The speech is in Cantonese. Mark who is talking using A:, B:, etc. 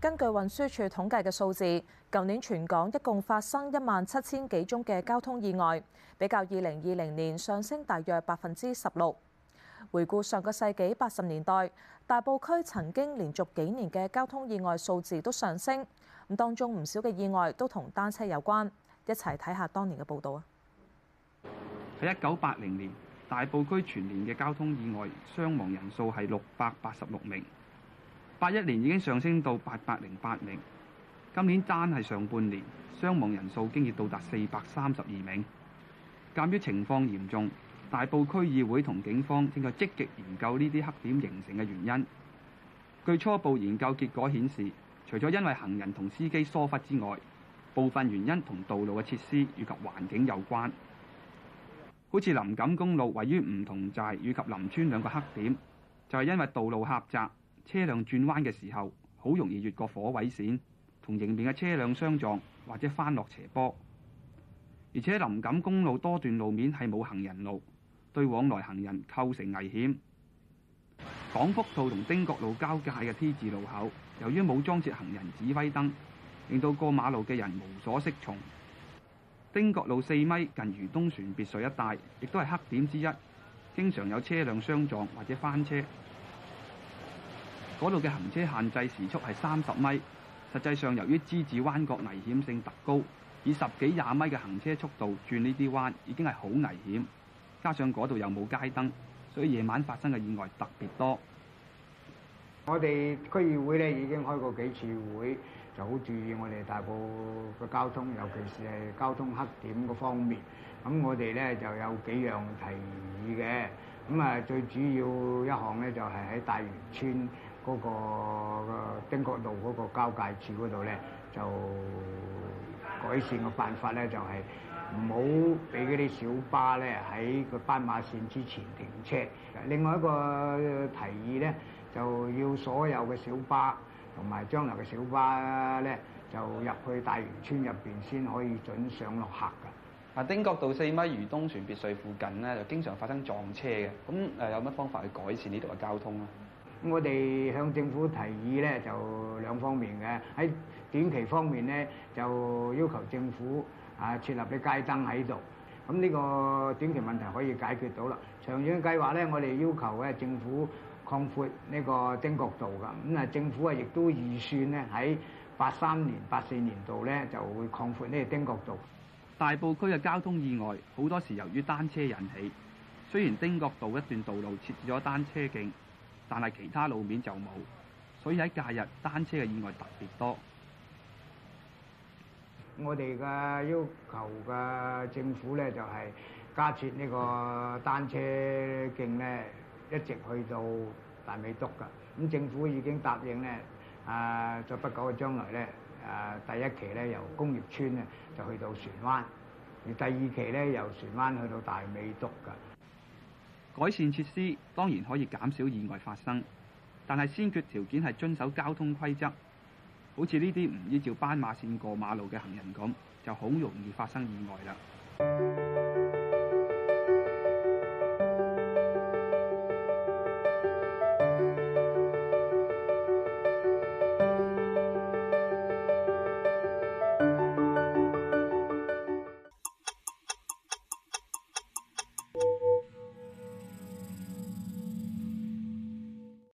A: 根據運輸署統計嘅數字，舊年全港一共發生一萬七千幾宗嘅交通意外，比較二零二零年上升大約百分之十六。回顧上個世紀八十年代，大埔區曾經連續幾年嘅交通意外數字都上升，咁當中唔少嘅意外都同單車有關。一齊睇下當年嘅報導啊！喺一九八零年，大埔區全年嘅交通意外傷亡人數係六百八十六名。八一年已經上升到八百零八名，今年淨係上半年傷亡人數經已到達四百三十二名。鑑於情況嚴重，大埔區議會同警方正在積極研究呢啲黑點形成嘅原因。據初步研究結果顯示，除咗因為行人同司機疏忽之外，部分原因同道路嘅設施以及環境有關。好似林錦公路位於梧桐寨以及林村兩個黑點，就係因為道路狹窄。車輛轉彎嘅時候，好容易越過火位線，同迎面嘅車輛相撞或者翻落斜坡。而且林錦公路多段路面係冇行人路，對往來行人構成危險。港福道同丁角路交界嘅 T 字路口，由於冇裝設行人指揮燈，令到過馬路嘅人無所適從。丁角路四米近漁東船別墅一帶，亦都係黑點之一，經常有車輛相撞或者翻車。嗰度嘅行車限制時速係三十米，實際上由於之字彎角危險性特高，以十幾廿米嘅行車速度轉呢啲彎已經係好危險，加上嗰度又冇街燈，所以夜晚發生嘅意外特別多。
B: 我哋區議會咧已經開過幾次會，就好注意我哋大埔嘅交通，尤其是係交通黑點嗰方面。咁我哋咧就有幾樣提議嘅，咁啊最主要一項咧就係喺大元村。嗰、嗰個丁角道嗰個交界處嗰度咧，就改善嘅辦法咧就係唔好俾嗰啲小巴咧喺個斑馬線之前停車。另外一個提議咧，就要所有嘅小巴同埋將來嘅小巴咧，就入去大圓村入邊先可以准上落客
A: 㗎。啊，丁角道四米漁東船別墅附近咧，就經常發生撞車嘅。咁誒有乜方法去改善呢度嘅交通咧？
B: 我哋向政府提議咧，就兩方面嘅喺短期方面咧，就要求政府啊設立啲街燈喺度，咁呢個短期問題可以解決到啦。長遠嘅計劃咧，我哋要求咧政府擴闊呢個丁角道㗎。咁啊，政府啊亦都預算咧喺八三年、八四年度咧就會擴闊呢個丁角道。大
A: 埔區嘅交通意外好多時由於單車引起，雖然丁角道一段道路設置咗單車徑。但係其他路面就冇，所以喺假日單車嘅意外特別多。
B: 我哋嘅要求嘅政府咧就係加設呢個單車徑咧，一直去到大尾篤嘅。咁政府已經答應咧，啊，在不久嘅將來咧，啊第一期咧由工業村咧就去到船灣，而第二期咧由船灣去到大尾篤嘅。
A: 改善設施當然可以減少意外發生，但係先決條件係遵守交通規則。好似呢啲唔依照斑馬線過馬路嘅行人咁，就好容易發生意外啦。